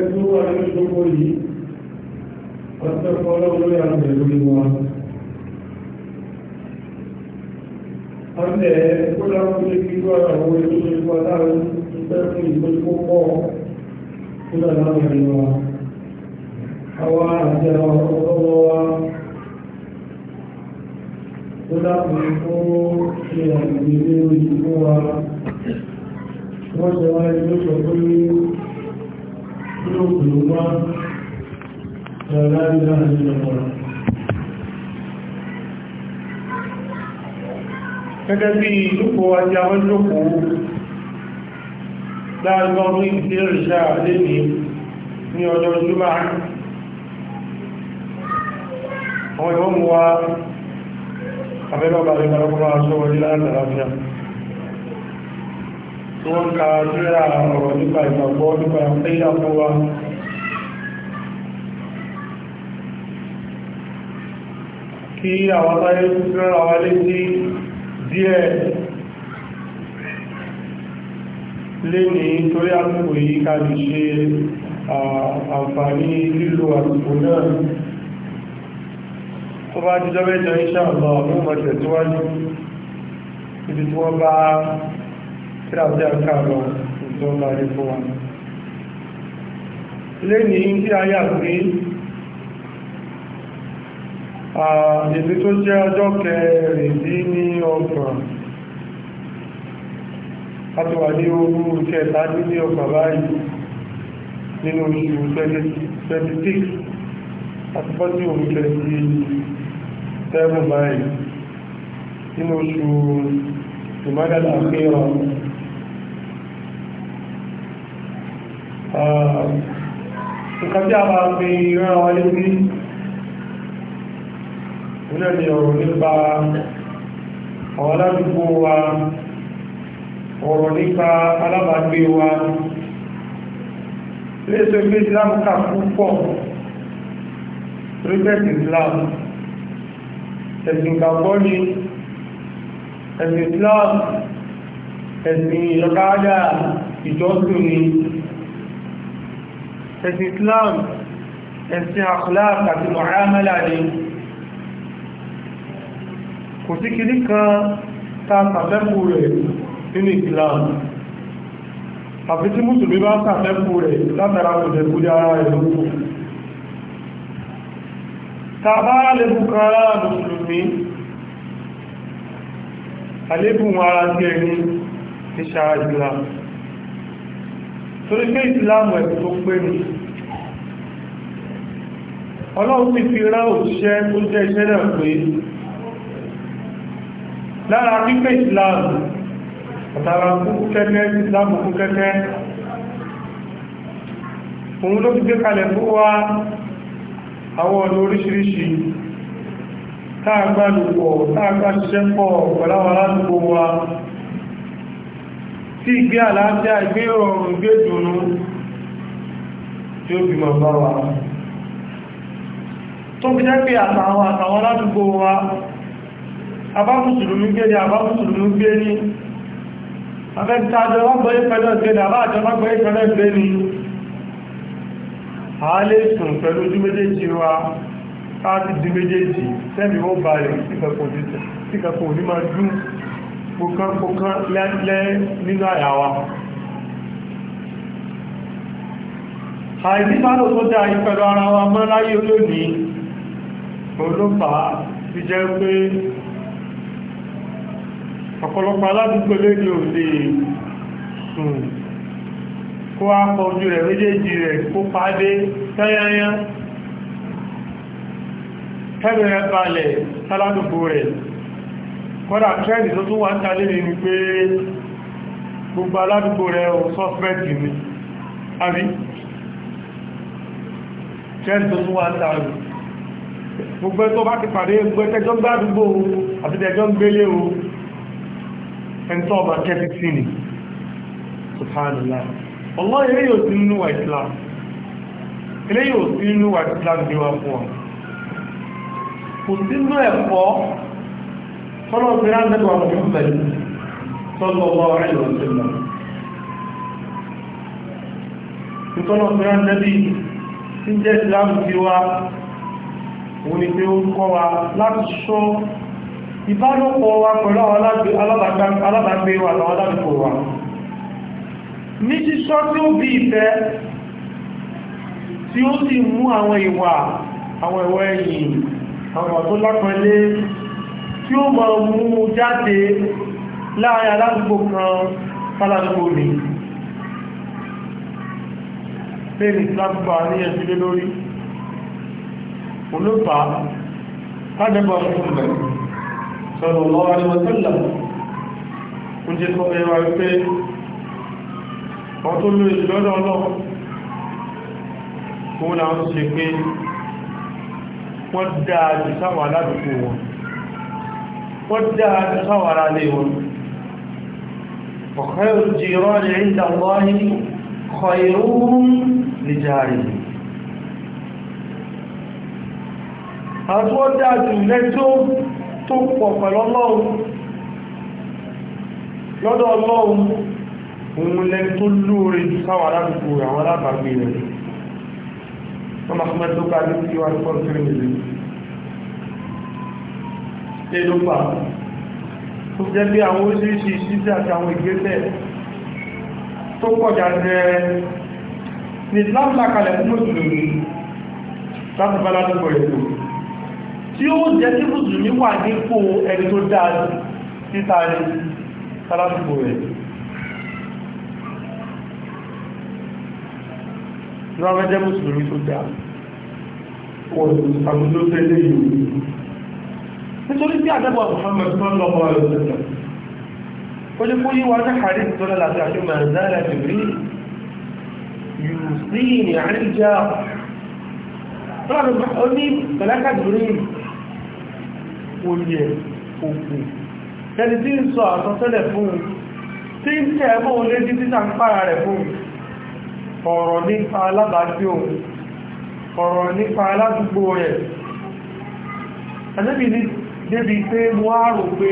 ẹgbẹ́ wà ní ìdókò yìí ọ̀tẹ́kọ́ ọlọ́run yà mẹ́ wọn ọ̀tẹ́ kódàkùnlé kíkọ́ àwọn ìlú ìpàdáwọ̀ àwọn ọlọ́wọ́ wa tó dákùn fún ṣe àgbègbè lórí fún wa wọ́n ṣe wáyé lóṣọ̀ tó ní قلوب الله لا إله إلا الله gẹ́gẹ́ bí ìlúkò àti àwọn ìlúkò láàrín ní ìdí ìrìṣà lèmi ní ọjọ́ Jímọ̀ àwọn ìwọ́n mú wa abẹ́lọ́bàá ìgbàlọ́gbọ́n aṣọ́wọ́lé láàrín àlàáfíà tí wọ́n ka ríra ọ̀rọ̀ nípa ìgbàgbọ́ nípa ìpínlẹ̀ fún wa kí àwọn táyé ríra wa létí díẹ̀ lé ní torí àtúkò yìí ká lè ṣe àǹfààní lílo àtúkò náà tó bá jíjọ́ mẹ́jọ iṣẹ́ àwọn ọmọ tẹ̀síwájú tí wọ́n bá tí a jẹ́ káàlọ̀ tó láyé fún wa lé ní tí a yà sí èdè tó jẹ́ ọjọ́ kẹrìndín ní ọgbọ̀n àtọwà ní orú kẹta ní ọgbà báyìí nínú oṣù 26 àtọ́pọ́ sí orú kẹrìndín 7 báyìí nínú oṣù nǹkan tí a máa fi rán wa létí ilé ni ọ̀rọ̀ nípa àwọn aládùúgbò wa ọ̀rọ̀ nípa alábàágbé wa léṣe pé Islam kà púpọ̀ rígbẹ́sì Islam ẹ̀sìn ìgbàgbọ́ ni ẹ̀sìn Islam ẹ̀sìn ìyọkáyà ìjọ́sìn ni ẹ̀sìn Islam ẹ̀sìn akhlaq àti muamala ni kò sí kìrí kan ta sàfẹ́kù rẹ̀ nínú Islam àfi tí mùsùlùmí bá sàfẹ́kù rẹ̀ látara kò jẹ́ kúrò ara rẹ̀ tàbá lébù kan mùsùlùmí alébù wọn ara jẹ́ ní ìṣàrà Islam torí pé ìsìláàmù ẹ̀bù tó pé ní ọlọ́run ti fi rá òṣìṣẹ́ tó jẹ́ iṣẹ́ náà pé lára pípẹ́ ìsìláàmù àtàrà kúkú kẹ́kẹ́ ìsìláàmù kú kẹ́kẹ́ òun ló fi gbé kalẹ̀ fún wa àwọn ọ̀nà oríṣiríṣi táàgbà lòpọ̀ táàgbà ṣiṣẹ́ pọ̀ pẹ̀láwà wa tí ìgbé àlàáfíà ìgbé ọ̀rùn gbé dùnú tí ó fi mọ̀ bá wa tó fi jẹ́ pé àtàwọn àtàwọn aládùgbò wa abámùsùlùmí gbé ní gbé ní afẹ́ta àjọwọ́gbọ́ gbé ní àbá àjọwọ́gbọ́ ìpẹ́lẹ̀ gbé ní àálé sùn pẹ̀lú ojú méjèèjì wa káàkiri méjèèjì tẹ́mi ó pọ̀kánpọ̀kán lẹ́ nínú àyà wa àìsí bálò tó dá ìpẹ̀lú ara wa mọ́ láyé olónìí olófàá ti jẹ́ pé ọ̀pọ̀lọpọ̀ aládùúgbò lórí òde sùn kó á kọ ojú rẹ̀ méjèèjì rẹ̀ kó pàdé tẹ́yányán tẹ́bẹ̀rẹ̀ balẹ̀ sáládùúgbò rẹ̀ kọ́dà trend tó tún wà ń tàlé ní wípé gbogbo aládùgbò rẹ̀ o suspect ni àbí trend tó tún wà ń tàlé gbogbo tó bá ti pàdé gbẹ́tẹ́jọ́ gbádùgbò àti tẹ́jọ́ gbélé o ẹntọ́ ọba kẹ́fìtì ni subhanallah Allah ilé yóò sí nínú wà Islam ilé yóò sí nínú wà Islam gbé wa fún ọ kò sínú ẹ̀kọ́ tọ́lọ̀ fẹ́rẹ́ àdẹ́gbà Muhammad sallallahu alaihi wa sallam tọ́lọ̀ fẹ́rẹ́ àdẹ́bí tí jẹ́ ìsìláàmù tí wá wọ́n ni pé ó kọ́ wa láti ṣọ́ ìbálòpọ̀ wa pẹ̀lú àwọn alábàgbé wa àwọn alábìkò wa ní ṣíṣọ́ tí ó bí ìfẹ́ tí ó sì mú àwọn ìwà àwọn ìwọ̀ ẹ̀yìn àwọn ìwà tí ó mọ̀ mú jáde láàrin aládùgbò kan fáládùgbò ní lẹ́ni lágbà ní ẹ̀sílé lórí olóòpàá tàbẹ́bọ̀ ọ̀fúnlẹ̀ sọ̀rọ̀ lọ́wọ́ alẹ́wọ̀tẹ́lẹ̀ ń jẹ́ kọ́ ẹwà wípé wọ́n tó lórí lọ́dọ̀ ọlọ́pàá òun làwọn ti ṣe pé wọ́n dáa jù sáwọn aládùgbò wọn ودها تصور عليهم وخير الجيران عند الله خيرهم لجارهم àtúwọ́dá jùlẹ̀ tó tó pọ̀ pẹ̀lú ọlọ́run lọ́dọ̀ ọlọ́run òun lẹ tó lóore sáwọn aládùkú àwọn alábàgbé rẹ̀ wọ́n ma fún mẹ́tọ́ká ní tí wá ní pọ́lù tẹ́lẹ̀ ṣe ló fà jẹ́ bí àwọn oríṣiríṣi ṣíṣẹ́ àti àwọn ìgbésẹ̀ tó pọ̀já jẹ́ ní láàpàkalẹ̀ fún mùsùlùmí láti bá látọ̀kọ̀ ètò tí ó jẹ́ tí mùsùlùmí wà nípò ẹni tó dáa títà ní nítorí tí àdẹ́bọ̀ Muhammad tó ń lọ́pọ̀ rẹ̀ lọ́pọ̀ ó ní fún yíwa ní harí tó lọ́la tí a ṣe máa zára jìbìrí yìí sí ní àríjá ó ní pẹ̀láka jìbìrí oyè òkú ẹni tí ń sọ àtọ́sẹ́lẹ̀ fún tí ń tẹ́ mọ́ olé jí títà ń pàrà rẹ̀ fún ọ̀rọ̀ nípa alábàájú ọ̀rọ̀ nípa aládùúgbò rẹ̀ Ànábì ní débi pé mo á rò pé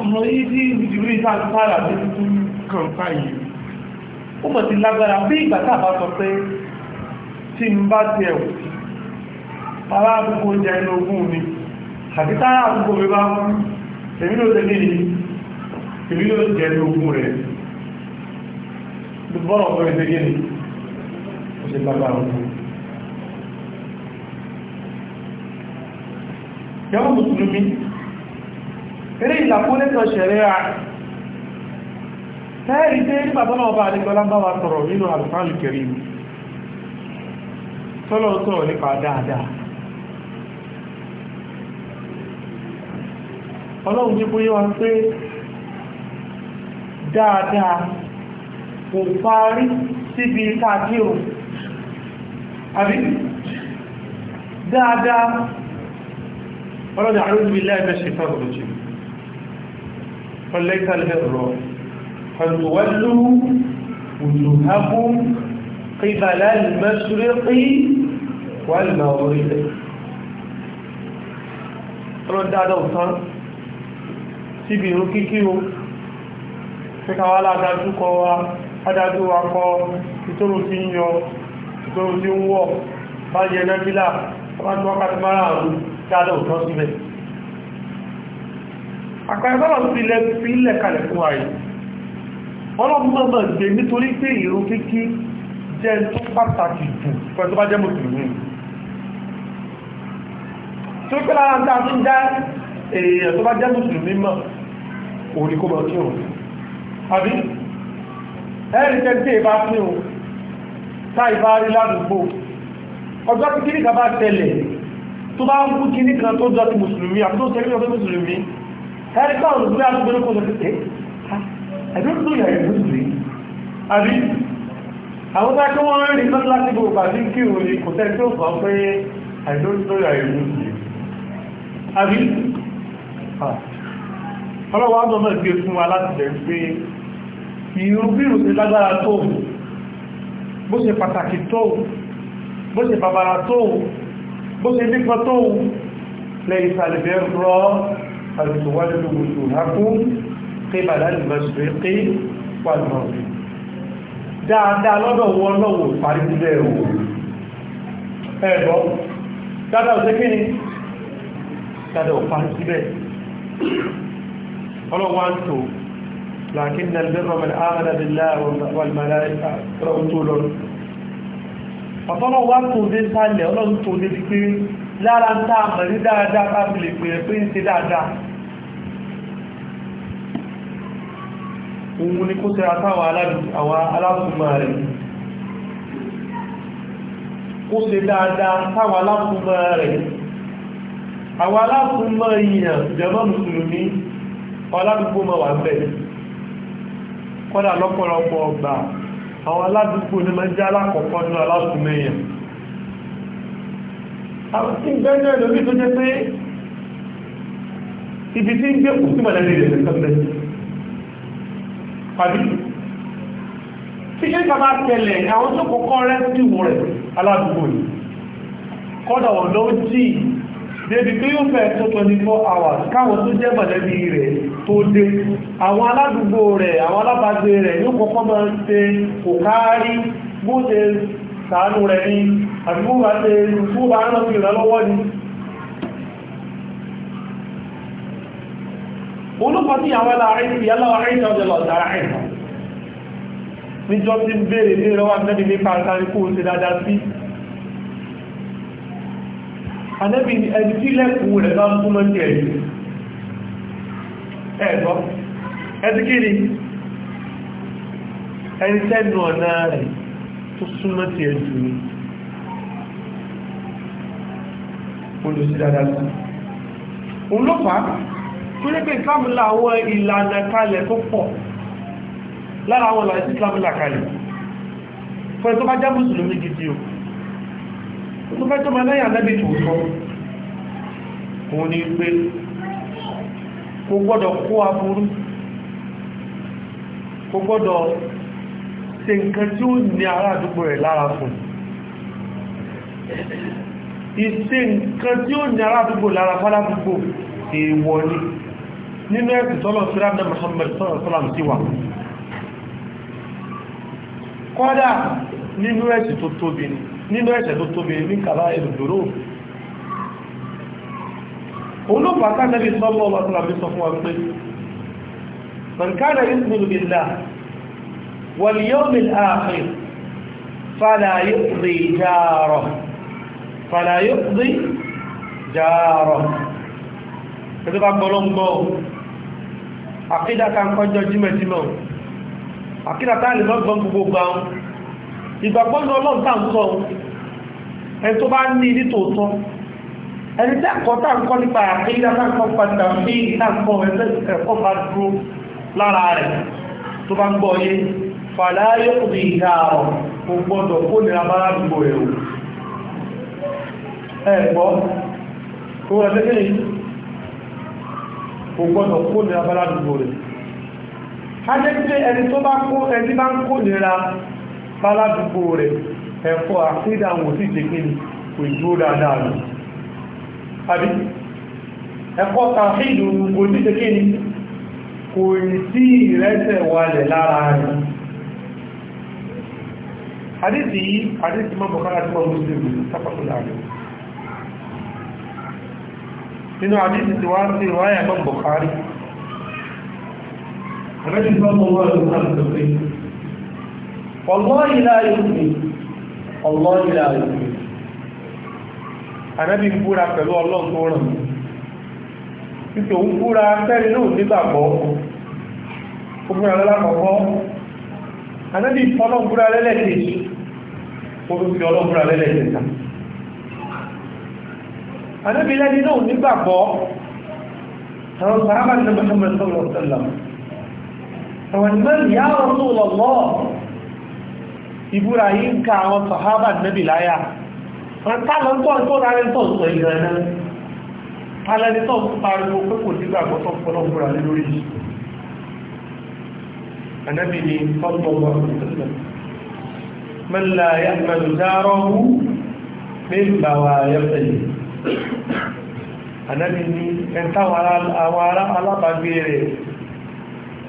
ọmọ yìí tí ìdìbò ìta ń sára bí tó ń kàn fáyìí ó mọ̀ sí lágbára bí ìgbà tá bá sọ pé tí ń bá ti ẹ̀wù bàbá àdúgbò oúnjẹ inú ogún mi àti tára àdúgbò mi bá fún ẹgbẹ́ gẹ́ni jẹ́wọ́n mùsùlùmí eré ìlàkúnlẹ́tọ̀ ṣẹ̀rẹ́ à tẹ́ẹ̀rí tẹ́ ìgbàtọ́nà ọba àdígbọ́lá bá wa sọ̀rọ̀ nínú àlùfáàlù kẹrì tọ́lọ̀ sọ̀rọ̀ nípa dáadáa ọlọ́run ní bóyá wá pé dáadáa kò parí síbi káàkiri àbí dáadáa ọlọ́dà àrùn bí láì mẹ́ṣe fọ́rọ̀lọ́jì ọlẹ́tàlẹ́ rọ̀ ọ̀tọ̀wọ́lú òjòhábú kíbalá mẹ́sùrẹ́kí wà lọ orílẹ̀ ọlọ́dáadọ́ ọ̀tán síbi ìrún kíkí o fíkàwà ládájú kọ wa adájú wa kọ bá jẹ náà bílà bá jọ wákàtí márùn-ún dáadọ́ òtọ́ síbẹ̀ àpẹẹrẹ sílẹ̀ sílẹ̀ kalẹ̀ fún ààrẹ ọlọ́gbọ́gbọ́ gbé nítorí pé ìrun kíkí jẹ́ tó pàtàkì jù pẹ̀lú bá jẹ́ mùsùlùmí tó pẹ́ lára tá a tún dá èèyàn tó bá jẹ́ mùsùlùmí mọ̀ òní kó bọ̀ kí o àbí ẹ̀rì tẹ́ tí ìbá fún o táì bá rí ládùúgbò ọjọ́ kíkí ní kàbá tẹ́lẹ̀ tó bá ń kú kí ní kan tó jọ ti mùsùlùmí àti tó sẹ́rí ọdún mùsùlùmí ẹni káwọn olùgbé àtúgbẹ́rẹ́ kó lọ́pẹ́ tẹ́ ẹ̀dọ́ tó yà ẹ̀ mùsùlùmí àbí àwọn tó kí wọ́n rí lọ́dún láti gbogbo pàdé kí o lè kò tẹ́lẹ̀ tó fà ń pé ẹ̀dọ́ bó ṣe pàtàkì tó bó ṣe bàbàrà tó bó ṣe nípa tó lẹ́yìn sàlẹ̀bẹ̀ rọ àrùsùwájú gbogbo hakún kébàlá ìbẹ̀sùwẹ́kẹ́ wà lọ́rùn dáadáa lọ́dọ̀ wọn lọ́wọ́ parí sílẹ̀ o ẹ̀bọ́ dáadáa ò sékí ni dáadáa ò parí sílẹ̀ ọlọ́wọ́ ń tò ọ̀tọ́lọ́ wá tó dé sálẹ̀ ọlọ́run tó dé ti pé lára ń táà mọ̀ ní dáadáa tábí lè pèrè pé ń ṣe dáadáa òun ni kó tẹ́ra táwọn alákùnmọ̀ rẹ̀ kó ṣe dáadáa táwọn alákùnmọ̀ rẹ̀ àwọn alákùnmọ̀ èèyàn jẹ́mọ́ mùsùlùmí ọlárúgbó mọ̀ wà bẹ́ẹ̀ kọ́dà lọ́pọ̀lọpọ̀ ọgbà àwọn aládùúgbò ní máa jẹ́ alákọ̀ọ́kọ́ ní alásùnmẹ́yàn àwọn tí ń bẹ́ẹ̀ náà lórí tó jẹ́ pé ibi tí ń gbé kù sí mọ̀lẹ́lẹ́ rẹ̀ sọ́gbẹ́ pàbí tí ṣe kàbá tẹ̀lẹ̀ àwọn tó kọ́kọ́ rẹ̀ sí wọ rẹ̀ aládùúgbò ní kọ́dà wọn ló jì débi pé yóò fẹ́ tó 24 hours káwọn tó jẹ́ mọ̀lẹ́bí rẹ̀ tó dé àwọn aládùúgbò rẹ̀ àwọn alábàgbé rẹ̀ yóò kọ́kọ́ máa ń ṣe kò bó ṣe sàánú rẹ̀ ní àdúgbà ṣe tó bá ìrànlọ́wọ́ ní ìrọwà nẹ́bí ní sí ẹni tí lẹ́kùn rẹ̀ bá ń túnmọ́ ẹ̀gbọ́ ẹ̀tí kí ni ẹni tẹ́nu ọ̀nà rẹ̀ tó súnmọ́ ti ẹ̀jù ni olùsí dáadáa òun ló fà á tó ní pé ìsìlámùlà àwọn ìlànà kalẹ̀ tó pọ̀ lára àwọn ìlànà ìsìlámùlà kalẹ̀ fún ẹ̀tọ́ bá já mùsùlùmí gidi o tó fẹ́ tó máa lẹ́yìn ànábì tòótọ́ kò gbọ́dọ̀ kó aburú kò gbọ́dọ̀ ṣe nǹkan tí ó ní ará àdúgbò rẹ̀ lára fún ìṣe nǹkan tí ó ní ará àdúgbò lára fádàdúgbò èèwọ̀ ni nínú ẹ̀sìn tọ́lọ̀ síráàdà Muhammad sọ́rọ̀sọ́lá sí wà kọ́dà nínú ẹ̀sìn tó tóbi ní kàbá ẹ̀rùdòrò òun ló fàtà nẹ́bí sọ́mọ́ ọmọ tó làbí sọ fún wa pé mọ̀nkánà ìsìnkú bìlá wàlíyọ́mì ààfin fàlàyé jàárọ̀ fàlàyé jàárọ̀ ẹ̀tọ́ bá gbọ́lọ́gbọ́ àkídà kan kọjọ jímẹ̀jímẹ̀ àkídà tá lè mọ́gbọ́n gbogbo ẹni tí àkọ́tà ń kọ́ nípa àkíyà náà kọ́ padà sí ìtàkọ́ ẹ̀kọ́ bá dúró lára rẹ̀ tó bá ń gbọ́ yé fàláyé kò bí ìhà ọ̀ kò gbọ́dọ̀ kó nira bá dùgbò rẹ̀ o ẹ̀gbọ́ kó rẹ̀ tẹ́kẹ́lẹ̀ kò gbọ́dọ̀ kó nira bá dùgbò a jẹ́ pé ẹni tó bá kó ẹni bá ń kó nira bá dùgbò rẹ̀ ẹ̀kọ́ àkíyà wò sí ìdèkìlì kò ìdúró dáadáa àbí ẹ̀kọ́ tàfíìdù kò sí ṣe kíni kò sí ìrẹsẹ̀ wàlẹ̀ lára rẹ̀ àdísì yìí àdísì mọ́ bọ̀kára tí wọ́n mú sí ìlú sápàtò láàrin nínú àdísì tí wá sí ìwáyà mọ́ bọ̀kárí àmẹ́sì bá mọ́ ànábì ń búra pẹ̀lú ọlọ́run tó ràn títí òun búra tẹ́rin náà nígbàgbọ́ ó búra lọ́lá kọ̀ọ̀kọ́ ànábì fọlọ́n búra lẹ́lẹ́kejì ó fi ọlọ́run búra lẹ́lẹ́kẹta ànábì lẹ́ni náà nígbàgbọ́ àwọn sàábà ní Muhammad sallallahu alaihi wasallam àwọn ìmọ̀lì yá ìbúra yìí àwọn sàábà nẹ́bì ọ̀tálọ́ tó ń tó rárẹ́ tó sọ ìgbà náà alẹ́ni tó pariwo pé kò dígbàgbọ́ tó pọ̀lọ́gbùra lé lórí ànábì ni tọ́tọ̀gbọ́ mẹ́lá yàtọ̀lù dárọ́wú mẹ́lá wà yàtọ̀lù ànábì ni ẹntàwọn alábàgbé rẹ̀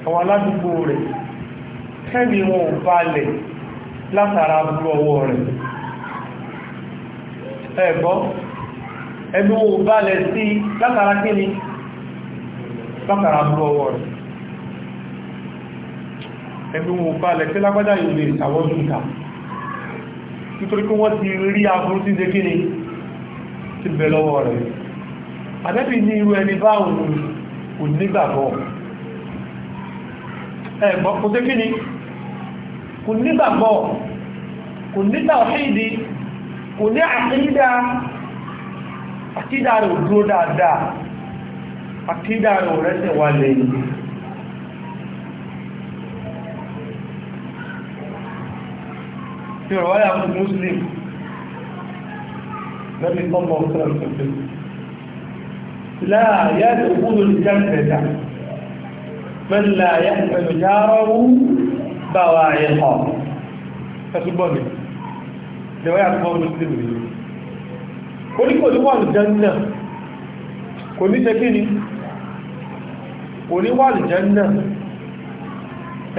àwọn aládùgbò rẹ̀ kẹ́mi wọn ò balẹ̀ látara bú ọwọ́ rẹ̀ ẹ̀gbọ́ ẹnu balẹ̀ sí látara kí ni látara bú ọwọ́ rẹ̀ ẹnu balẹ̀ sí lágbádá yìí lè sàwọ́ jùta nítorí kí wọ́n ti rí aburú tí ṣe kí ni ti bẹ̀ lọ́wọ́ rẹ̀ àdẹ́bì ní irú ẹni báhùn kò nígbàgbọ́ ẹ̀gbọ́ kò ṣe kí ni kò nígbàgbọ́ kò nígbà ọ̀hídìí kò ní àkídà àkídà rẹ̀ dúró dáadáa àkídà rẹ̀ rẹ́sẹ̀ wà lẹ́yìn tí ọ̀rọ̀ wáyà fún muslim lẹ́bí tọ́mọ̀ ọ̀sẹ̀lẹ̀ láàyà ìgbóhùn ìjẹ́jẹ̀dà mẹ́láyà bàwà ẹ̀họ̀ ẹ̀sùgbọ́n mi lẹ́wọ́ yà fún muslim ni ó ní kò ní wà lùjánà kò ní ṣe kí ni kò ní wà lùjánà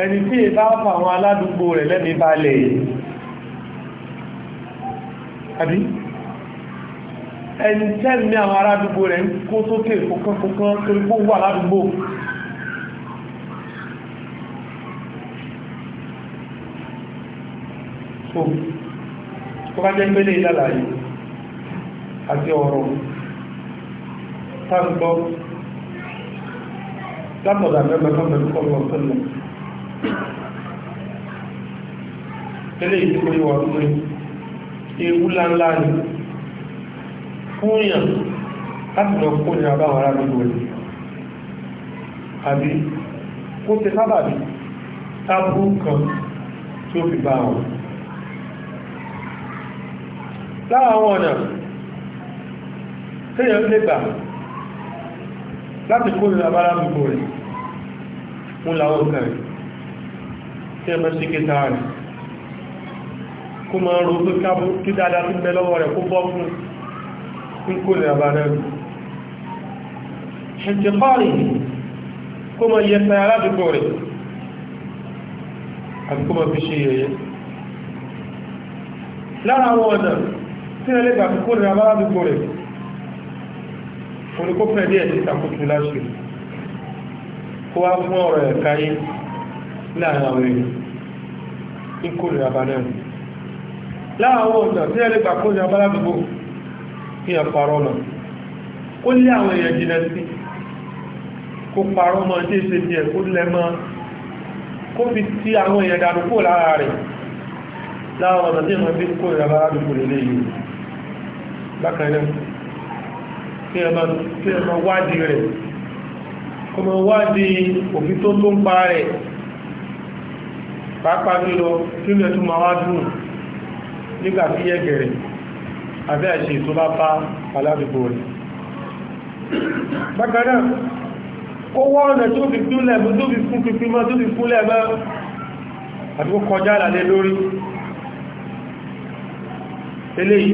ẹni tí è bá fà àwọn aládùúgbò rẹ̀ lẹ́mí balẹ̀ àbí ẹni tẹ́lẹ̀ àwọn aládùúgbò rẹ̀ ń kó sókè kọkànkọkàn torí kó wà aládùúgbò so tó bá jẹ́ pẹ́lẹ̀ ìlàlàyé àti ọ̀rọ̀ táàgbọ́ látọ̀dà mẹ́gbẹ̀kan pẹ̀lú kọlọ̀ tẹ́lẹ̀ tẹ́lẹ̀ ìdíkò yíwa pé ewu láńlá ni fún èèyàn láti lọ kó ní abáwọn ará gbogbo rẹ̀ àbí kó tẹ sábàbí tábú kan tí ó fi bá wọn láwọn ọ̀nà tẹ́yàn lè gbà láti kó ìrìn àbára gbogbo rẹ̀ mú láwọn ọ̀kan rẹ̀ tí ẹmẹ́ sí kéta rẹ̀ kó ma ń ro pé kábú kí dáadáa tí bẹ lọ́wọ́ rẹ̀ kó bọ́ fún ń kó ìrìn àbára lára àwọn ọ̀nà tí wọ́n lè gbà kókó rẹ̀ abára dùgbò rẹ̀ oníkó fẹ́ díẹ̀ sí ìtàkùtù láṣẹ kó wá fún ọ̀rọ̀ ẹ̀ káyé láàrin àwọn èèyàn ní kó rẹ̀ abára rẹ̀ láàrin ọ̀nà tí wọ́n lè gbà kókó rẹ̀ abára dùgbò fi hàn parọ́ náà ó lé àwọn èèyàn jìnà sí kó parọ́ mọ́ tí èsè díẹ̀ kó lẹ́ mọ́ kó fi ti àwọn èèyàn dànù kó lára rẹ̀ láàrin ọ̀nà tí wọ́n fi kó rẹ̀ abára lélẹ́yìn bákanáà kí ẹ ma wádìí rẹ̀ kó ma wádìí òfin tó tó ń pa rẹ̀ pàápàá nílọ kí ní ẹ̀tún ma wá dùn nígbà tí yẹ gẹ̀rẹ̀ àbẹ́ àṣẹ tó bá bá aládùgbò rẹ̀ bákanáà ó wọ́n ọ̀nà tó fi fúnlẹ̀ mú tó fi fún pípí mọ́ tó fi fúnlẹ̀ mọ́ àti ó kọjá àlàlẹ́ lórí eléyìí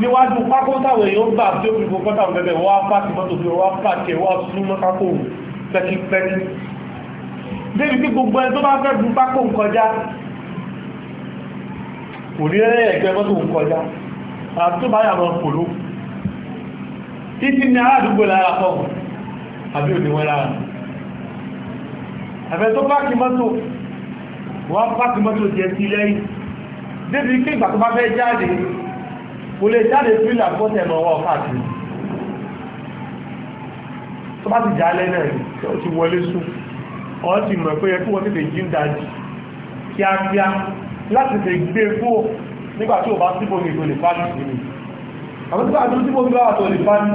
níwájú pákótàwẹ̀ yóò gbà tí ó fi gbogbo pátáwò bẹ̀bẹ̀ wá pàtí mọ́tò fi wá pàtí wá súnmọ́ pákó pẹ́kípẹ́kí débi tí gbogbo ẹni tó bá fẹ́ bu pákó ń kọjá kò ní ẹ̀rẹ́ ẹ̀gbẹ́ mọ́tò ń kọjá àti tó bá yà mọ́ pòló títí ní aládùúgbò lára pọ̀ àbí òní wọn lára àfẹ́ tó pàtí mọ́tò wá pàtí mọ́tò jẹ́ sí lẹ́yìn débi tí ìgbà tó bá fẹ́ jáde kò lè jáde thriller fọ́tẹ̀ mọ̀ wọ́n káàkiri tó bá ti já alẹ́ náà tí ó ti wọlé sùn ọ́n ti mọ̀ pé ẹkú wọ́n ti lè jí ń dájú kíákíá láti lè gbé kó nígbà tí ó bá síbò ní ìtòlè fáàkì sí ni àwọn tí ó bá síbò ní ìgbà tó lè fáàkì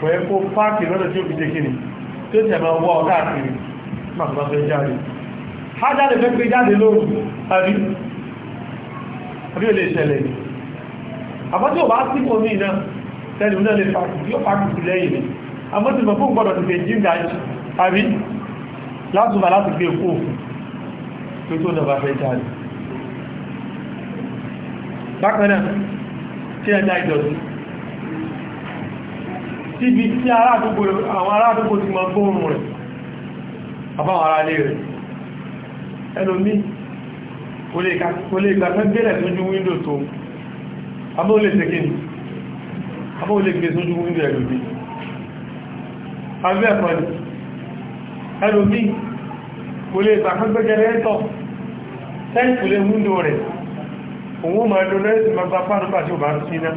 kò ẹ kó fáàkì lọ́dọ̀ tí ó fi jẹ́ kíni tí ó tẹ̀ mọ̀ wọ́n káàkiri máa tó bá fẹ́ jáde ha jáde fẹ́ pé jáde lóòrùn àbí lè ṣẹlẹ̀ àmọ́ tí ò bá sí omi náà tẹ́lẹ̀ náà lè fàkì yóò fàkì sí lẹ́yìn rẹ̀ àmọ́ tí mọ̀kún gbọ́dọ̀ ti fẹ́ jíǹdà àbí látùmà láti gbé kó tó tó dọ̀bà fẹ́ jáde bákanáà tí ẹja ìdọ̀tí síbi tí àwọn aládùgbò ti mọ̀ gbóhùn rẹ̀ àbáwọn ará lé rẹ̀ ẹnu mí kò lè gbàfẹ́ gbẹ́lẹ̀ tó ju wíńdò tó ń àmọ́ olè tẹ́kẹ́ ni àmọ́ olè gbé sójú wíńdò ẹ̀lòmí àbẹ́ ẹ̀kọ́ ni ẹlòmí kò lè ìtàkọ́gbẹ́gẹrẹ ẹ́tọ̀ tẹ́ǹkù lè wíńdò rẹ̀ òun ma lọ lẹ́sì ma gba pánúpà tí ó bá sí iná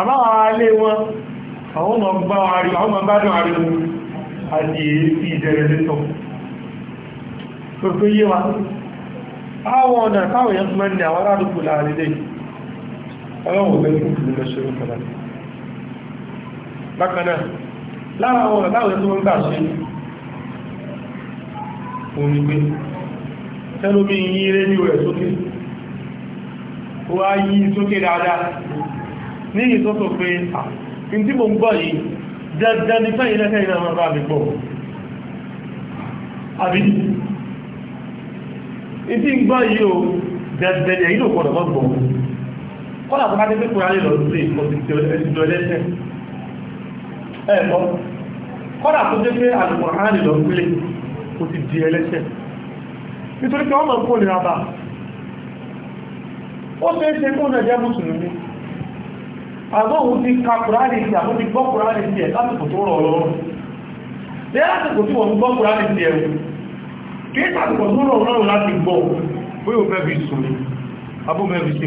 àmọ́ alé wọn àwọn ma gbá ariwo àwọn ma bá dùn ariwo àti èéfì ìdẹ̀rẹ̀ lẹ́tọ̀ tó tó yé wa àwọn ọ̀nà táwọn èèyàn tó mẹ́rin àwọn aládùkù láàrin lẹ́yìn ọlọ́wọ̀ bẹ́ fún ìlú lọ ṣerú kan láti bákanáà lára àwọn ọ̀láwọ̀ tó ń gbà ṣe orí pé tẹ́lú bí yí rédíò rẹ̀ sókè ó wá yí sókè dáadáa ní ìsọ́tọ̀ pé in tí mo ń gbọ́ yìí dandan ní fẹ́ ilẹ́kẹ́ iná máa bá mi gbọ́ àbí in tí ń gbọ́ yìí o dandan ẹ̀yìn ò kọ́lá tó bá dé pípọ̀ ayé lọ sí òsìsì ẹ̀sìdò ẹlẹ́sẹ̀ ẹ̀kọ́ kọ́lá tó dé pé alùpùránì lọ sílé kò ti di ẹlẹ́sẹ̀ nítorí pé wọ́n mọ̀ kó nira bá ó ṣe é ṣe kó nà jẹ́ mùsùlùmí àmọ́ òun ti ka kùránì sí àmọ́ ti gbọ́ kùránì sí ẹ̀ lásìkò tó rọ̀ lọ́rọ̀ lẹ́yìn lásìkò tí wọ́n gbọ́ kùránì sí ẹ̀ kí ìtàkùn tó rọ̀ lọ́rọ̀ láti gbọ́ bóyá ó fẹ́ fi sùn abúmẹ́ fi ṣe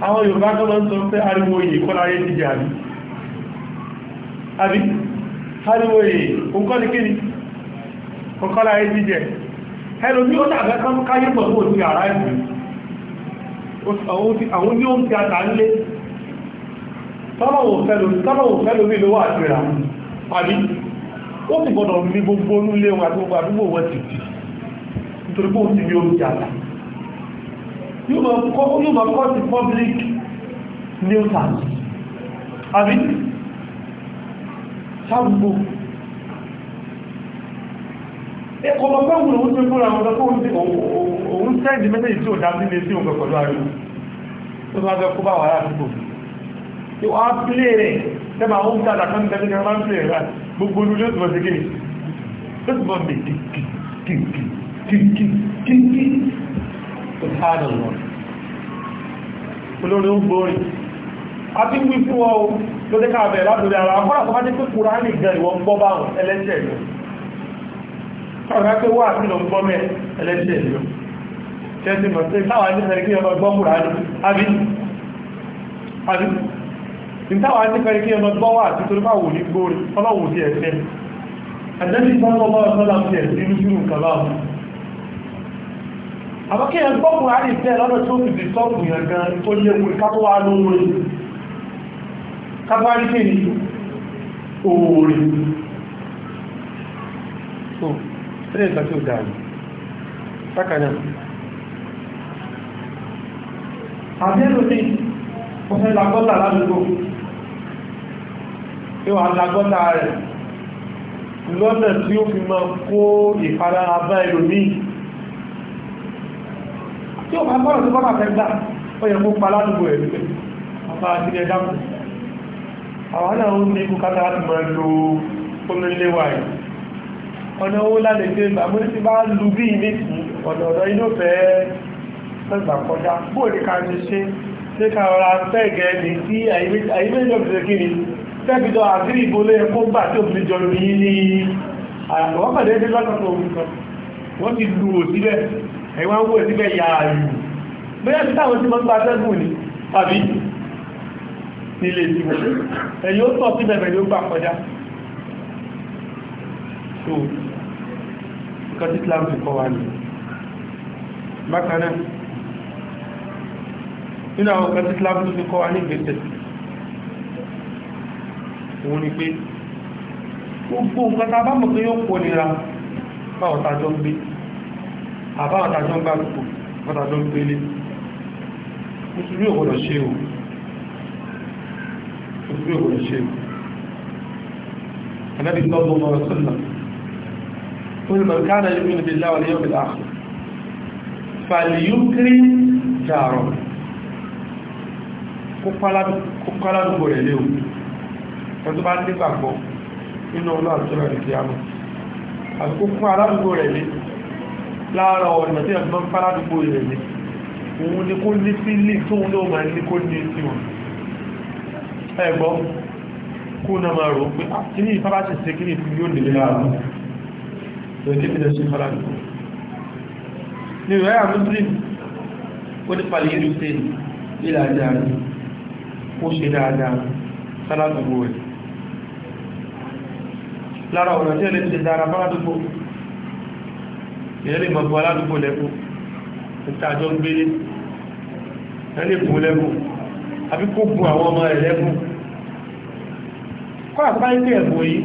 àwọn Yorùbá tó lọ ń sọ pé ariwo yìí kọ́ láyé ti jà ní àbí ariwo yìí òǹkọ́ ní kíni kọ́kọ́ láyé ti jẹ ẹlò ní ó dàgbẹ́ kán káyé pọ̀ fún òtí àrá ìlú àwọn ní ó ń ti àtà ńlé tọ́lọ̀wò fẹ́lò bí lówó àti rà àbí ó sì gbọ́dọ̀ ní gbogbo onúlé wọn àti gbogbo àdúgbò wọn ti tì nítorí pé ó ti ní ó ń ti àtà yóò máa kọ́ sí public nuisance àbí ṣàgbò ẹkọ̀ mọ̀ pẹ́wùn òun tí fúnra wọn lọ́pọ̀ òun sẹ́ẹ̀dì mẹ́sẹ̀jì tí ó dá sílé sí òun pẹ̀lú ariwo tó máa fẹ́ kó bá wà láti kò tí wọ́n á pílé rẹ̀ tẹ́bà ó ń tàdà kan tẹ́bí kan máa ń pílé rẹ̀ gbogbo olú ló túnmọ̀ sí kí ló túnmọ̀ sí kí kí kí subhanallah olórin ó gbórin a ti wí fún ọ ló dé káàbẹ̀ látòrí ara fọ́nà tó bá jẹ́ pé kùránì gan ìwọ̀n gbọ́ bá wọn ẹlẹ́sẹ̀ lọ káàkiri pé wà sí lọ gbọ́ mẹ́ ẹlẹ́sẹ̀ lọ tẹ́sí mọ̀ sí táwà ní fẹ́rẹ̀ kí ọmọ gbọ́ kùránì àbí àbí ìtawà ní fẹ́rẹ̀ kí ọmọ gbọ́ wà sí torí bá wò ní gbórin ọlọ́wò sí ẹ̀sẹ̀ àmọ́ kí yẹn gbọ́kùn àrí ìfẹ́ lọ́dọ̀ tí ó fi dìtọ́pù yẹn gan tó léwu kátówà lóore kátówà rí kìí oore so tí lè tọ́jú dáadì sákanáà àbẹ́rù ní ọ̀fẹ́ lagọ́ta ládùúgbò tí wà lagọ́ta rẹ̀ lọ́nà tí ó fi máa kó ìpalára bá ẹlòmíì tí ó máa gbọ́rọ̀ sí bọ́nà fẹ́ gbà ó yẹ kó pa ládùúgbò ẹ̀ wípé ọba àti ilẹ̀ dákù àwọn náà ó ní ikú kátà láti máa lo omi ilé wa yìí ọ̀nà owó lálẹ́ gbé gbà mú ti bá lu bí ilé sí ọ̀nà ọ̀nà inú fẹ́ sẹ́gbà kọjá bóò ní ká ṣe ṣe ṣe ká rọra fẹ́ẹ̀gẹ́ ní sí àyíbẹ́jọ́ fi ṣe kí ni fẹ́ẹ̀bí lọ àti ìbólé wọ́n ti lu òsílẹ̀ ẹ̀wọ́n wò síbẹ̀ yà ààrù bóyá sí táwọn tí wọ́n gba sẹ́gùn ni tàbí nílé ìdíwò ẹ̀yìn ó tọ̀ sí bẹ̀rẹ̀ ló gbà kọjá so nǹkan tí Islam ti kọ́ wa ní bákan náà nínú àwọn nǹkan tí Islam ti kọ́ wa ní ìgbésẹ̀ òun ni pé gbogbo nǹkan tá a bá mọ̀ pé yóò kó nira báwọn tá gbé àbá àtàjọ́ ń bá rúkù àtàjọ́ ń pélé mùsùlùmí ògbọ́dọ̀ ṣe o mùsùlùmí ògbọ́dọ̀ ṣe o anábì sọ́gbọ́ mọ́rọ̀ sọ́nà قل من كان يؤمن بالله واليوم الآخر فليكرم جاره kókọ́lá dúgbò rẹ̀ léwu ọdún bá nígbàgbọ́ nínú ọlọ́ àtúrà ìkìyàmù àti kókó aládùgbò rẹ̀ léwu lára ọ̀nà tí ẹ̀fẹ́ fara dúgbò rẹ̀ ní òun ni kó ní sí lè tó ń lóòmà ní kó ní sí wọn ẹgbọ́ kó na máa rò pé ah, kí ní ìfara ti ṣe kí ní ìfún yóò nílé lára lọ́jọ́ ìdẹ̀ sí fara dúgbò ní ìrẹ́ àmúslim ó ní pàlẹ́ ìlú tẹ́ ilẹ̀ àjá rẹ̀ ó ṣe dáadáa sára dúgbò rẹ̀ lára ọ̀nà tí ẹ̀lẹ́ ti dára fara dúgbò ìyẹn lè mọ̀bọ̀ aládùúgbò lẹ́kùn ìtàjọ gbélé ẹni kún lẹ́kùn àbí kó gun àwọn ọmọ rẹ̀ lẹ́kùn kọ́ àpá ilé ẹ̀bùn yìí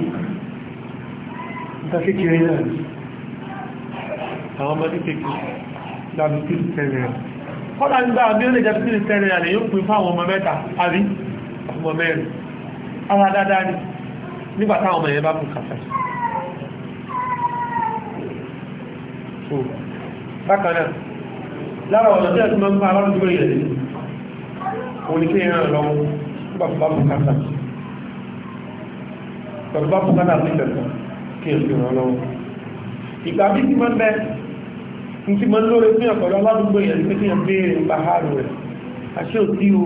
níta kékeré náà àwọn ọmọdé kékeré lábí kìrì tẹ́lẹ̀ rẹ̀ kọ́lá ń gbá abí ó lè jẹ́ kìrì tẹ́lẹ̀ rẹ̀ yóò pín fáwọn ọmọ mẹ́ta àbí ọmọ mẹ́rin ara bákanáà lára ọ̀nà tí a ti máa ń pa aláwọ̀ jùlọ ilẹ̀ oníkí ìran lọ́wọ́ bàbá bùkátà bàbá bùkátà sí ìfẹ̀kọ́ kí n fi ràn lọ́wọ́ ìgbà bí ti máa ń bẹ ní ti máa ń lóore fún ọ̀pọ̀lọ́ aládùúgbò yẹn pé kí n béèrè nípa ààrù rẹ̀ àṣẹ òtí o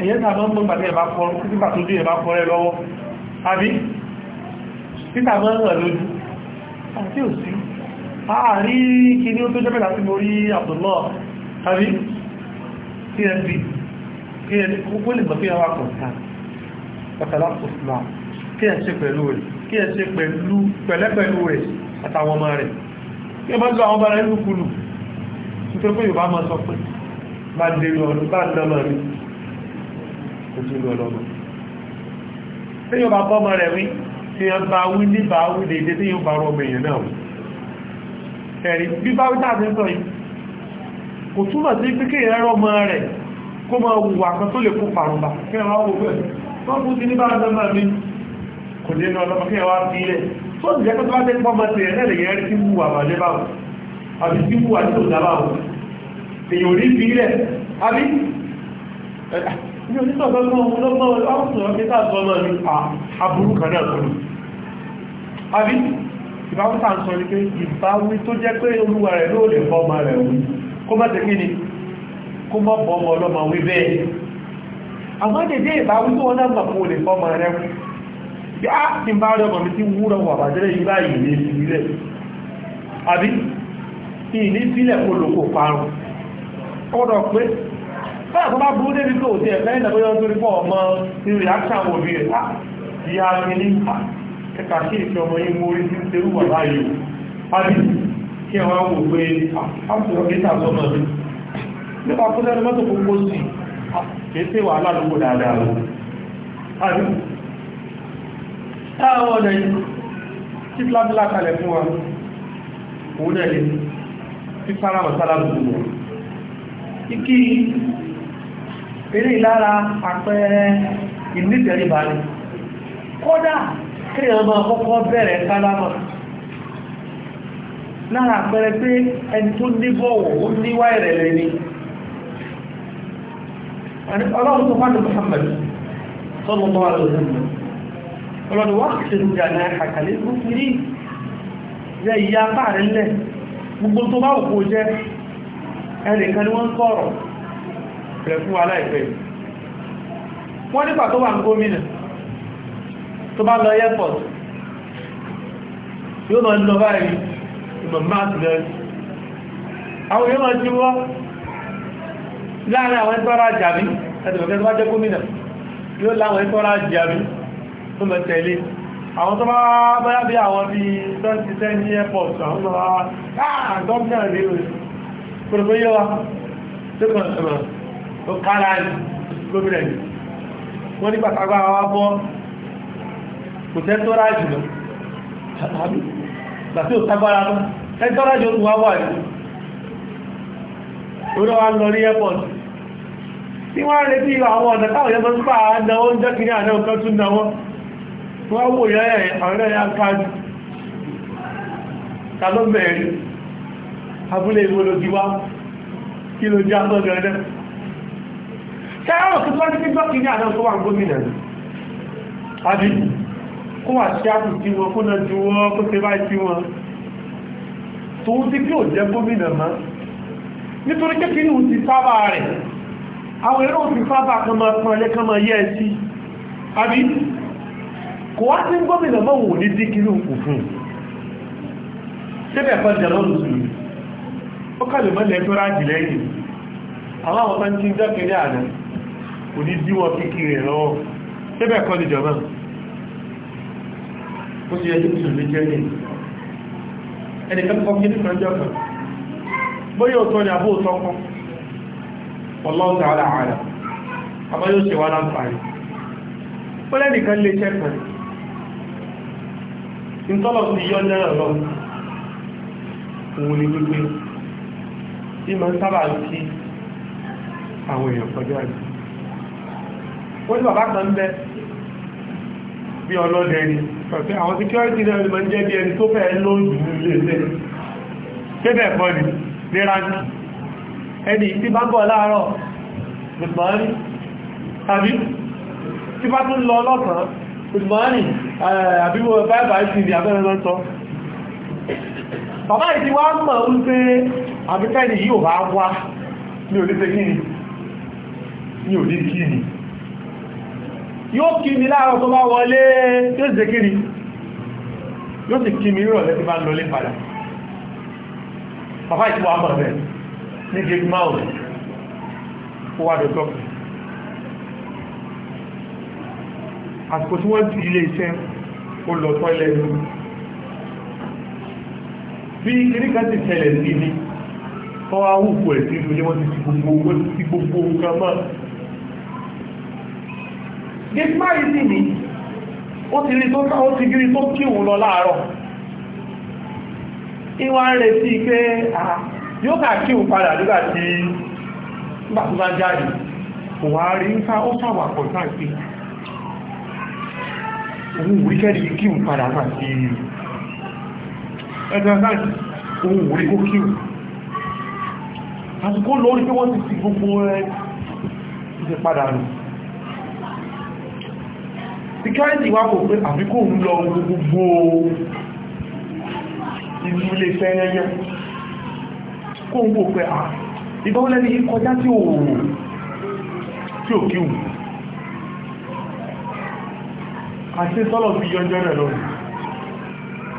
ẹ̀yẹ́ tàbí ọmọ gbàtẹ́ ẹ̀bá fọ́ títí bàtú dé ẹ̀bá fọ́ rẹ̀ lọ́wọ́ àbí títà máa ń lójú àti òsì àárí kí ní ó tó jẹ́mẹ́lá tí mo rí Abdullah tàbí cnb kó lè mọ̀ sí àwọn akọ̀ọ̀ta pàtàlá òsìlá kí ẹ̀ ṣe pẹ̀lú rẹ̀ kí ẹ̀ ṣe pẹ̀lú pẹ̀lẹ́pẹ̀lú rẹ̀ àtàwọn ọmọ rẹ̀ kí ẹ bá lọ àwọn bára inú kúlù nítorí pé Yorùbá máa sọ pé bá dé lọ́dún bá dánmà rí kò tún lọ lọ́nà tí Yorùbá bọ́mọ rẹ̀ wí tí wọ́n bá wí ní bá wí lè dé tí yóò bá rọ ọmọ èèyàn náà wí ẹ̀rí bí bá wítà àti sọ yìí kò túmọ̀ sí pé kí ìrẹ́rọ ọmọ rẹ̀ kó máa wùwà kan tó lè kó pàrùnbà kí ẹwà wò bẹ́ẹ̀ wọ́n kú sí ní bá ọdọ́ máa mi kò dé ní ọlọ́mọ kí ẹwà fi ilẹ̀ tó sì jẹ́ pé bá tẹ́ pọ́mọ sí ẹ̀rẹ́ lè yẹrí sí wùwà bàjẹ́ báwò àbí sí wùwà tí ò dábà wò èyàn rí fi ilẹ̀ àbí ní onítọ̀tọ̀ lọ́mọ ọlọ́mọ ọlọ́mọ ìbáwí tàà ń sọ ní pé ìbáwí tó jẹ́ pé olúwa rẹ̀ ló lè fọ́ ọmọ rẹ̀ wí kó mọ́ tẹ́kí ni kó mọ́ bọ́ ọmọ ọlọ́mọ wí bẹ́ẹ̀ àwọn ìbáwí tó wọ́n náà fọ́ ọmọ rẹ̀ wí bí á ti bá rẹ̀ ọmọ mi wúrọ̀ wà bá ẹka sí ìfẹ́ ọmọ yí mú orí sí ṣerú wà láàyò pàdé kí ẹwà wò pé àpùsọ̀rọ̀ gẹ́ta sọ́nà rẹ̀ nípa kó lẹ́nu mọ́tò gbogbo sí kéèsè wà lálùgbò dáadáa lọ pàdé táwọn ọ̀nà tí flábílá kalẹ̀ fún wa òun náà lè fi sára eré ìlara àpẹẹrẹ ìnídẹ̀ẹ́rìbá ni kódà kí a máa kọ́kọ́ bẹ̀rẹ̀ sálámà lára àpẹẹrẹ pé ẹni tó ní bọ̀wọ̀ ó níwá ìrẹ̀lẹ̀ ni ọlọ́run tó fàdé Muhammad sallallahu alaihi wasallam ọlọ́run wá kìí jà náà àkàlẹ̀ tó fi rí yẹ ìyá páàrẹ̀ lẹ̀ gbogbo tó bá òkú wọ́n nípa tó wà ń gómìnà tó bá lọ airport yóò máa lọ báyìí ìmọ̀ mass lẹ́yìn àwọn yóò máa jíwọ́ láàrin àwọn ẹgbọ́ra jàmí ẹ̀tẹ̀bẹ̀kẹ́ tó bá jẹ́ gómìnà yóò láwọn ẹgbọ́ra jàmí tó mẹ́ tẹ̀lé àwọn tó bá báyá bí àwọn bí sọ́ntíṣẹ́ ní airport àwọn tó bá ah, gọ́mìnà rí o pẹ̀lú yóò wọ́n ní pàtàkì àwọn abọ́ kò tẹ́ tọ́ra jùlọ tàbí gbàtí ò tágbára mọ́ tẹ́ tọ́ra jù wá wà ní orí wa lọ ní airport tí wọ́n rẹ̀ bí àwọn ọ̀nà táwọn yẹ́ mọ́sí pa àádáwọ́ ń jẹ́kiri àdáwọ́ kan tún náwọ́ wọ́n wò yẹ́ ọ̀rẹ́ ya káàdì tàbí mẹ́rin abúlé ìwòlòdíwá kí ló já lọ́dọ̀ ẹ̀dẹ́ sáyẹ́rọ̀ tó tọ́jú kó wà sí àpùtí wọn kó náà ju wọn kó ṣe báyìí sí wọn tòun ti kí ò jẹ́ gómìnà mọ́ nítorí kékeré òun ti sábà rẹ̀ àwọn èrò òun ti sábà kan máa pọn ẹlẹ́ kan máa yẹ́ ẹ sí àbí kò wá sí gómìnà mọ́ òun ní díkìrí òkú fún síbẹ̀ kan jẹ́ lọ́nà sí ó kàlẹ̀ mọ́ lẹ́tọ́ rájì lẹ́yìn àwọn àwọn tó ń ti ń jẹ́ kéré àná kò ní díwọ̀ kékeré lọ́wọ́ síbẹ̀ kan jẹ́ lọ́nà ó ti ẹjú ìṣòlè jẹ́ ní ẹnìkan kọ́ kí nìkan jẹ́ ọ̀kan bóyá òtọ́ ni àbó òtọ́ kan Wallahu ta'ala a'lam àbá yóò ṣe wá láǹfààní ó lẹ́nìkan lè jẹ́ kan ìtọ́lọ̀ sí yọ́ náà lọ òun ni wípé tí ma ń sábà kí àwọn èèyàn kọjá rẹ̀ ó ní bàbá kan bẹ́ bí ọlọ́dẹ ni pẹ̀lú àwọn security náà ni ma ń jẹ́ bí ẹni tó fẹ́ lóòjù ní ilé iṣẹ́ tẹ́bẹ̀ ẹ̀kọ́ ni ní ránkì ẹni tí bá ń bọ̀ láàárọ̀ gbùdmọ́rin tàbí tí bá tún lọ lọ́tàn gbùdmọ́rin eh, àbíwọ̀ báyàbá sí ìdí abẹ́rẹ́ lọ́tọ́ bàbá ìdí wá mọ̀ ń pé àbíkẹ́ni yíò yóò kí mi láàárọ̀ tó bá wọlé yóò sì kí ni yóò sì kí mi rọ̀lẹ́ tí bá ń lọlé padà bàbá ìtìwà mọ̀ rẹ̀ ní gẹ́gẹ́ máa rẹ̀ ó wà dọ̀tọ́ àsìkò tí wọ́n ti ilé iṣẹ́ ó lọ tọ́ ilẹ̀ ẹ̀rù bí kìríkà ti tẹ̀lẹ̀ sí ni tọ́wọ́ awúkú ẹ̀ sí ti gbogbo nǹkan máa gẹ́gbáyé sí ni ó ti rí tó ká ó ti gírí tó kíhùn lọ láàárọ̀ ìwà ń retí pé yóò kà kíhùn padà nígbà tí gbàtí bá jáde kò rí ń ká ó sàwà pọ̀ náà pé òun ò rí lórí pé wọ́n ti ti gbogbo ẹ ti padà nù security wá kò pé àfikún ń lọ gbogbo ìlú ilé iṣẹ́ ẹyẹ kó ń wò pé à ìgbọ́wọ́lẹ́ ní kọjá tí ò tí ò kíhù àti sọ́lọ̀ fi yọjọ́ rẹ̀ lọ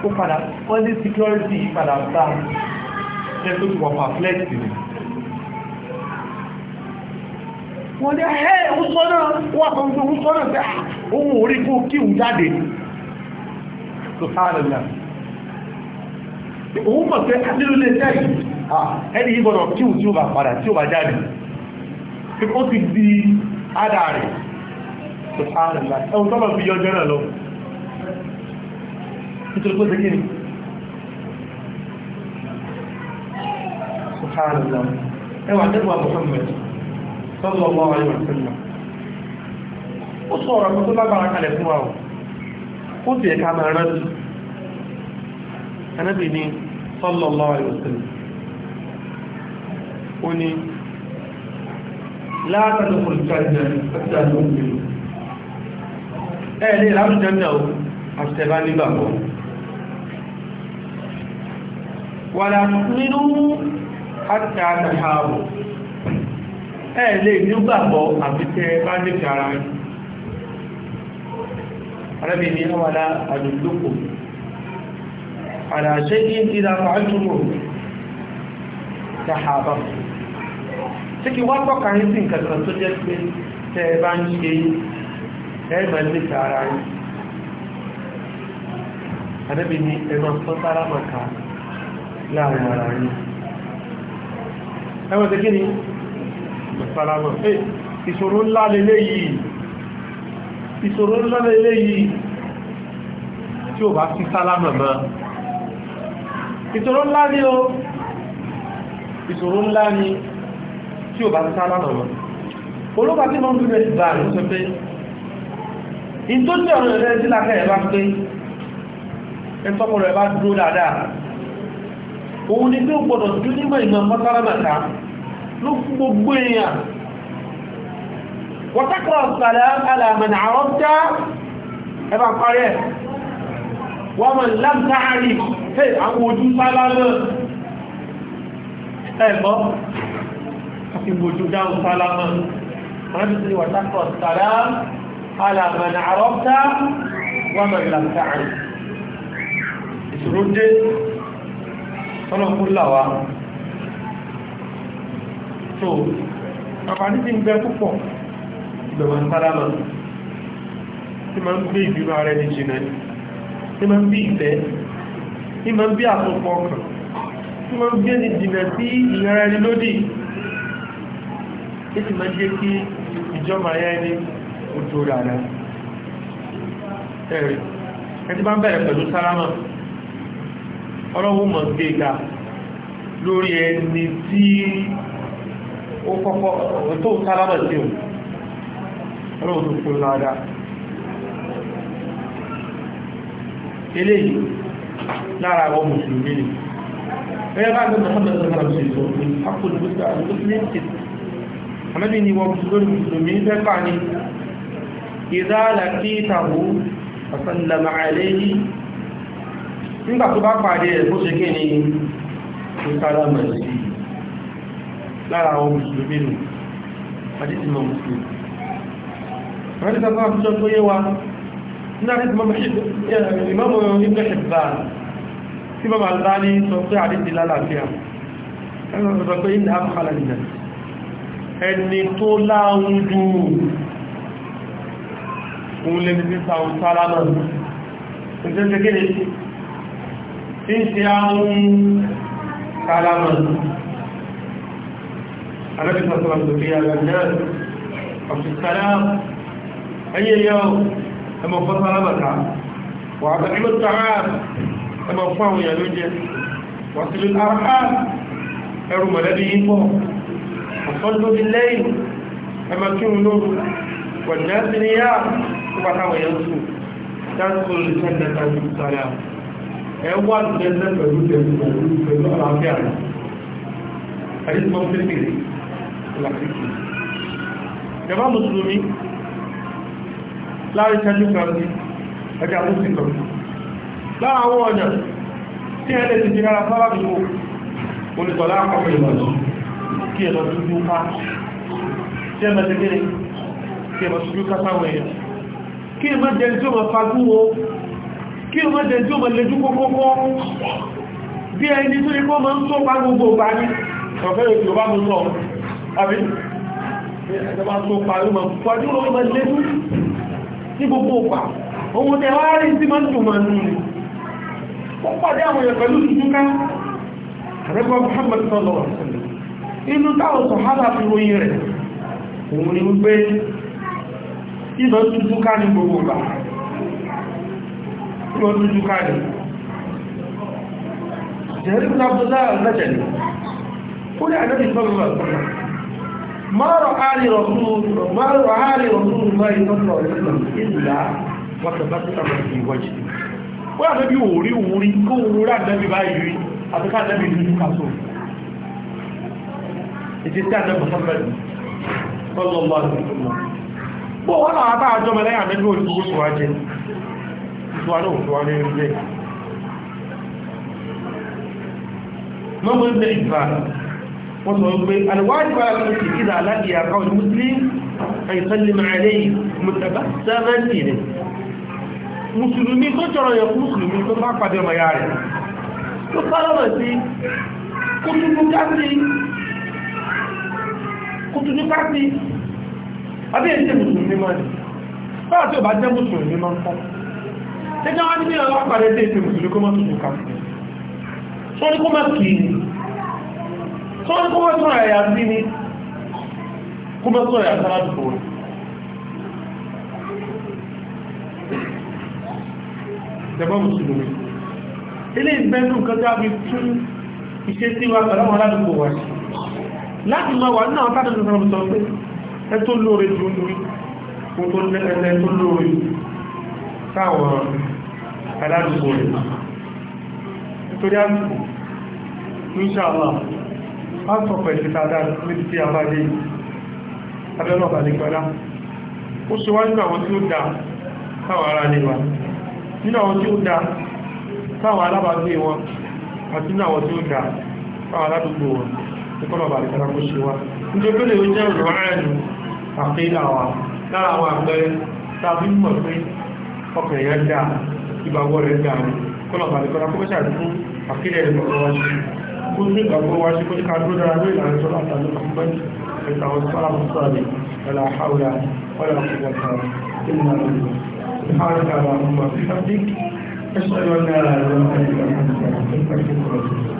ó padà wọ́n ní security padà bá ẹ tó ti wà perplexed wọ́n ní ẹ̀ ọ̀sọ́ náà wà fún ọ̀sọ́ náà pé ohun ah, orí fún kíhù jáde òun mọ̀ pé nílùú lè jẹ́ ẹni yìí gbọ́nà kíhù tí ó bá padà tí ó bá jáde pé ó ti di ádá rẹ̀ ẹ̀hùn tọ́lọ̀ fi yọjọ́ náà lọ nítorí pé ṣe ẹwà tẹ́gbà Muhammad sallallahu alaihi wasallam ó sọ ọ̀rọ̀ tó lágbára kalẹ̀ fún wa ó sì ẹ̀ka máa àti àdókùnrin ẹ̀ẹ́lẹ́ ìlàmùjẹ́ náà nínú àti àtàkàwò ẹ lè nígbàgbọ́ àfikẹ́ bá nífẹ̀ẹ́ ara rẹ̀ arábìn ní àwàdà àdùgbòkò àdàṣẹ́ ní ìdàpọ̀ àjùmọ̀ tàhàbà tí kí wá tọ́ka ní sí nǹkan kan tó jẹ́ pé tẹ́ bá ń ṣe ẹ̀mà nífẹ̀ẹ́ ara rẹ̀ arábìn ní ẹ̀mà fún sáramàkà sálámà eh, ìṣòro ńlá lélẹ́yìí ìṣòro ńlá lélẹ́yìí tí ó bá sí sálámà mọ́ ìṣòro ńlá ní o ìṣòro ńlá ní tí ó bá sí sálámà mọ́ olóba tí wọ́n gbé bá ní sọ pé in tó ní ọ̀rọ̀ ẹ̀rẹ́ sí lákẹ́ ẹ̀bá pé ẹ̀tọ́kọ̀rọ̀ ẹ̀bá dúró dáadáa òun ni pé ó gbọ́dọ̀ dún nímọ̀ ìmọ̀ mọ́sálámà ta ló fún gbogbo èèyàn wọ́tàkọ̀ ọ̀sàlẹ̀ alàmàna àrọ́ta ẹbà parí ẹ̀ wọ́n mọ̀ lámtàárì hey àwọn ojú sálámọ̀ ẹ̀gbọ́ àti ojú dáhùn sálámọ̀ rẹ́bìtì wọ́tàkọ̀ ọ̀sàlẹ̀ alàmàna àrọ́ta wọ́n mọ̀ lámtàárì ìṣòro dé ọlọ́kúnláwàá so àfàní tí ń bẹ púpọ̀ ìgbẹ̀wọ̀n sálámà tí ma ń gbé ìbírú ara ẹni jìnà tí ma ń bí ìfẹ́ tí ma ń bí àtọ́pọ̀ ọkàn tí ma ń gbé ní jìnà sí ìyára ẹni lódì tí ti ma ń gbé kí ìjọba ayá ẹni òjò rárá ẹ̀rì ẹni bá ń bẹ̀rẹ̀ pẹ̀lú sálámà ọlọ́wọ́ lórí ẹni tí ó kọ́kọ́ tó sálábà sí òun ọlọ́run tó fún lára eléyìí lára àwọn mùsùlùmí ni ẹgbẹ́ bá gbọ́nà ọmọdé sọ́kàrà sí ìsọ ní akọlùmọ́sí àmúlùmí nígbà tó bá pàdé ẹ̀ bó ṣe kí ni ìsálàmà sí lára àwọn mùsùlùmí nù àdísìmọ̀ mùsùlùmí àdísìmọ̀ mùsùlùmí tó yé wa ní àdísìmọ̀ ìmọ̀mọ̀ ibn Hibban tí bàbá albani sọ pé àdísì lálàáfíà ẹgbẹ̀rẹ̀ sọ pé ìdá àkàlà nìyà ẹni tó láhùn jù òun lè ní sàún sára náà ìjẹ́ ṣe àwọn sára النبي صلى الله عليه وسلم يا الناس وفي السلام أي يوم أما فصل متى وأطعم الطعام أما فهو يلوج وصل الأرحام أرم الذي وصلوا بالليل أما كنوا والناس نيام وبحاول ينسوا تدخل الجنة بالسلام أول جنة بدون بدون بدون العافية حديث مسلم ìlàkìkì ìjọba mùsùlùmí láàrin ṣẹ́jú kan sí ọjà mùsùlùmí lọ lára àwọn ọjà tí ẹ lè ti di rárá sára bí ó olùtọ̀lá àkọ́kọ́ ìlọ́jọ́ kí ẹ lọ dúdú ká tí ẹ mẹ́tẹ̀ kéré kí ẹ mọ̀ dúdú ká sáwọn èèyàn kí ẹ mọ́ jẹ tí ó mọ̀ fagbú o kí ẹ mọ́ jẹ tí ó mọ̀ lejú kókókó bí ẹni tó ní kó mọ́ ń tó pa gbogbo àbí ẹ̀jọba tó parí ma pàdú lọ ma lé ní sí gbogbo ọ̀pá ohun tẹ wá rí sí ma ń dùn ma nù ní ó pàdé àwọn èèyàn pẹ̀lú ìdúká àrẹ́gbọ́n Muhammad sọ́lọ́ inú táwọn sọ̀hálà fi ròyìn rẹ̀ òun ni wípé ìbọn tuntun ká ní gbogbo ọ̀pá ìbọn tuntun ká ní jẹ́rí ìpínlẹ̀ àbúdá lẹ́jẹ̀ ní ó ní àìlẹ́bì mọ́rọ̀ àárí ọ̀tún láì tọ́tọ̀ ìsìnkú ìlà wákàtàkùtà lọ́sí ìwájì wọ́n àdẹ́bí òórí òórí kó òórí àdẹ́bí báyìí rí àtúkà àdẹ́bí ìlú kàtó ìdí sí àdẹ́bí sọ́mẹ́lì tọ́lọ́lọ́ Bọ́ wọ́n náà bá àjọ mẹ́lẹ́ àmẹ́lú òṣìṣẹ́ òṣùwà jẹ, òṣùwà náà òṣùwà ní ilé. Mọ́mọ́ ilẹ̀ ìgbà wọ́n sọ pé alwájú aláàkùnkì ìdá aláàkì àkọ́ muslim àìsànlẹ̀ mẹ́rẹ̀ mùtàbá sẹ́mẹ́ntì rẹ̀ musulumi tó tọrọ yẹ fún musulumi tó bá pàdé ọmọ ya rẹ̀ tó sálámà sí kútùnú káàkiri abẹ́ ẹ̀ṣẹ́ musulumi mọ́ ni báwọn tí ó bá jẹ́ musulumi mọ́ ń kọ́ tẹ́jọ́ wá sauran kuma suna yasi ne kuma suna yasara da sauran jẹba musulmi ilé ìgbẹ́nu kọjá bí tún iṣẹ́ tí wà pẹ̀lú àwọn aládùgbò wà sí láti máa wà náà tàbí ìrìnàmù sọ pé ẹ tó lóore jù ní fún tó lẹ́ẹ̀ẹ́ tó lóore sáwọn aládùgbò rẹ̀ nítorí àtùkù inṣàlá a sọ pẹ̀lú tàdá níbi tí a bá dé abẹ́lọ́ bà lè gbọ́lá ó ṣe wá àwọn tí ó dá táwọn ará lè nínú àwọn tí ó dá táwọn alábàgbé wọn àti nínú àwọn tí ó dá táwọn aládùúgbò wọn ìkọ́lọ̀ bà lè gbọ́lá kó ṣe wá nítorí rẹ̀ dá kọ́lọ̀ bà lè gbọ́lá kó mẹ́sàdúkú àkílẹ̀ ìrọ̀ kó ní ìgbàgbọ́ wa ṣe kó ní ká dúró dára lórí ìlànà tó láta ló fún bẹ́ẹ̀ ẹ̀ta wọn sọ́ra mú sọ́ra mi wọlá àwòrán wọlá àkókò ìmúna lórí ìhárìkà àwọn ọmọ ìfàdík ẹ̀ṣọ́ ìrọ̀lẹ́ ara ẹ̀rọ